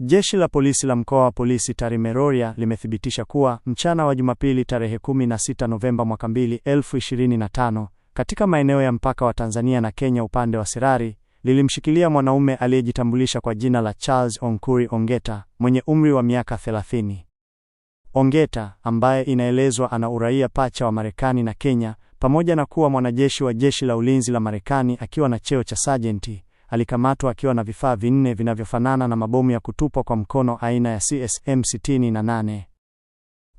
Jeshi la polisi la mkoa wa polisi Tarime-Rorya limethibitisha kuwa mchana wa Jumapili tarehe 16 Novemba mwaka 2025, katika maeneo ya mpaka wa Tanzania na Kenya upande wa Sirari, lilimshikilia mwanaume aliyejitambulisha kwa jina la Charles Onkuri Ongeta mwenye umri wa miaka 30. Ongeta ambaye inaelezwa ana uraia pacha wa Marekani na Kenya pamoja na kuwa mwanajeshi wa jeshi la ulinzi la Marekani akiwa na cheo cha sajenti alikamatwa akiwa na vifaa vinne vinavyofanana na mabomu ya kutupwa kwa mkono aina ya CSM 68.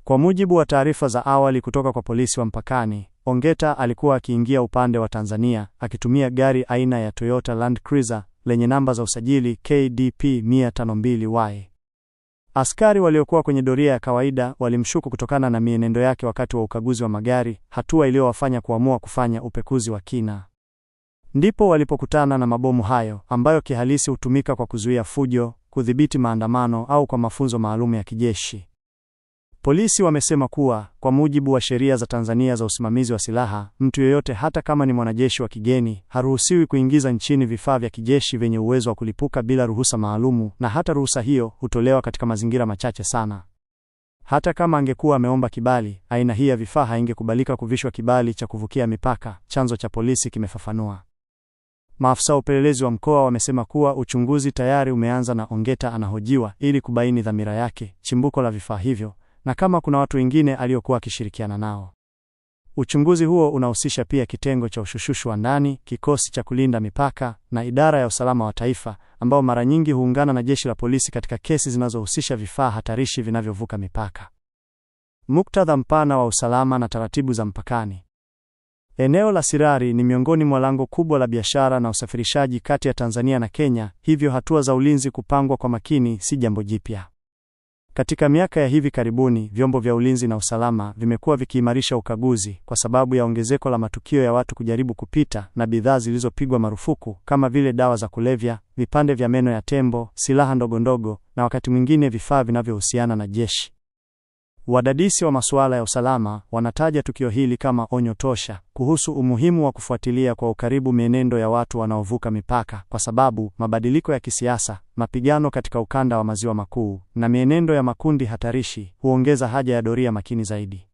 Kwa mujibu wa taarifa za awali kutoka kwa polisi wa mpakani, Ongeta alikuwa akiingia upande wa Tanzania akitumia gari aina ya Toyota Land Cruiser lenye namba za usajili KDP 152Y. Askari waliokuwa kwenye doria ya kawaida walimshuku kutokana na mienendo yake wakati wa ukaguzi wa magari, hatua iliyowafanya kuamua kufanya upekuzi wa kina. Ndipo walipokutana na mabomu hayo ambayo kihalisi hutumika kwa kuzuia fujo, kudhibiti maandamano au kwa mafunzo maalum ya kijeshi. Polisi wamesema kuwa kwa mujibu wa sheria za Tanzania za usimamizi wa silaha, mtu yeyote hata kama ni mwanajeshi wa kigeni haruhusiwi kuingiza nchini vifaa vya kijeshi vyenye uwezo wa kulipuka bila ruhusa maalumu, na hata ruhusa hiyo hutolewa katika mazingira machache sana. Hata kama angekuwa ameomba kibali, aina hii ya vifaa haingekubalika kuvishwa kibali cha kuvukia mipaka, chanzo cha polisi kimefafanua. Maafisa wa upelelezi wa mkoa wamesema kuwa uchunguzi tayari umeanza na Ongeta anahojiwa ili kubaini dhamira yake, chimbuko la vifaa hivyo na kama kuna watu wengine aliokuwa akishirikiana nao. Uchunguzi huo unahusisha pia kitengo cha ushushushu wa ndani, kikosi cha kulinda mipaka na idara ya usalama wa taifa, ambao mara nyingi huungana na jeshi la polisi katika kesi zinazohusisha vifaa hatarishi vinavyovuka mipaka. Muktadha mpana wa usalama na taratibu za mpakani. Eneo la Sirari ni miongoni mwa lango kubwa la biashara na usafirishaji kati ya Tanzania na Kenya, hivyo hatua za ulinzi kupangwa kwa makini si jambo jipya. Katika miaka ya hivi karibuni, vyombo vya ulinzi na usalama vimekuwa vikiimarisha ukaguzi kwa sababu ya ongezeko la matukio ya watu kujaribu kupita na bidhaa zilizopigwa marufuku kama vile dawa za kulevya, vipande vya meno ya tembo, silaha ndogondogo na wakati mwingine vifaa vinavyohusiana na jeshi. Wadadisi wa masuala ya usalama wanataja tukio hili kama onyo tosha kuhusu umuhimu wa kufuatilia kwa ukaribu mienendo ya watu wanaovuka mipaka, kwa sababu mabadiliko ya kisiasa, mapigano katika ukanda wa maziwa makuu na mienendo ya makundi hatarishi huongeza haja ya doria makini zaidi.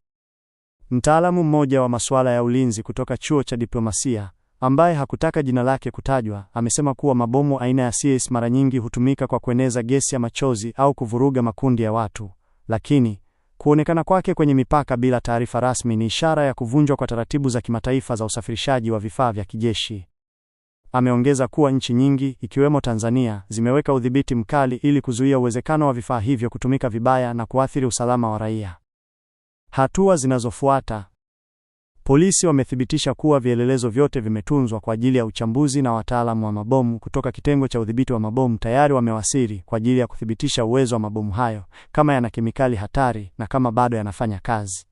Mtaalamu mmoja wa masuala ya ulinzi kutoka chuo cha diplomasia ambaye hakutaka jina lake kutajwa amesema kuwa mabomu aina ya CS mara nyingi hutumika kwa kueneza gesi ya machozi au kuvuruga makundi ya watu, lakini Kuonekana kwake kwenye mipaka bila taarifa rasmi ni ishara ya kuvunjwa kwa taratibu za kimataifa za usafirishaji wa vifaa vya kijeshi. Ameongeza kuwa nchi nyingi ikiwemo Tanzania zimeweka udhibiti mkali ili kuzuia uwezekano wa vifaa hivyo kutumika vibaya na kuathiri usalama wa raia. Hatua zinazofuata Polisi wamethibitisha kuwa vielelezo vyote vimetunzwa kwa ajili ya uchambuzi na wataalamu wa mabomu kutoka kitengo cha udhibiti wa mabomu tayari wamewasili kwa ajili ya kuthibitisha uwezo wa mabomu hayo, kama yana kemikali hatari na kama bado yanafanya kazi.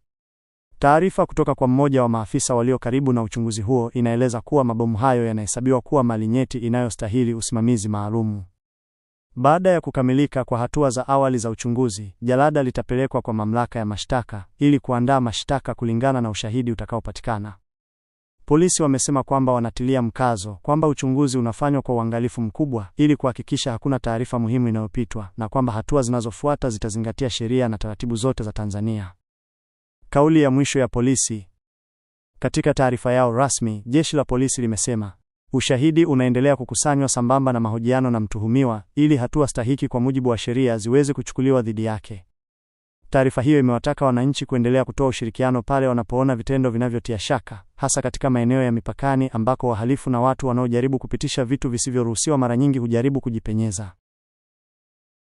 Taarifa kutoka kwa mmoja wa maafisa walio karibu na uchunguzi huo inaeleza kuwa mabomu hayo yanahesabiwa kuwa mali nyeti inayostahili usimamizi maalumu. Baada ya kukamilika kwa hatua za awali za uchunguzi, jalada litapelekwa kwa mamlaka ya mashtaka ili kuandaa mashtaka kulingana na ushahidi utakaopatikana. Polisi wamesema kwamba wanatilia mkazo kwamba uchunguzi unafanywa kwa uangalifu mkubwa ili kuhakikisha hakuna taarifa muhimu inayopitwa na kwamba hatua zinazofuata zitazingatia sheria na taratibu zote za Tanzania. Kauli ya mwisho ya polisi. Katika taarifa yao rasmi, jeshi la polisi limesema Ushahidi unaendelea kukusanywa sambamba na mahojiano na mtuhumiwa ili hatua stahiki kwa mujibu wa sheria ziweze kuchukuliwa dhidi yake. Taarifa hiyo imewataka wananchi kuendelea kutoa ushirikiano pale wanapoona vitendo vinavyotia shaka, hasa katika maeneo ya mipakani ambako wahalifu na watu wanaojaribu kupitisha vitu visivyoruhusiwa mara nyingi hujaribu kujipenyeza.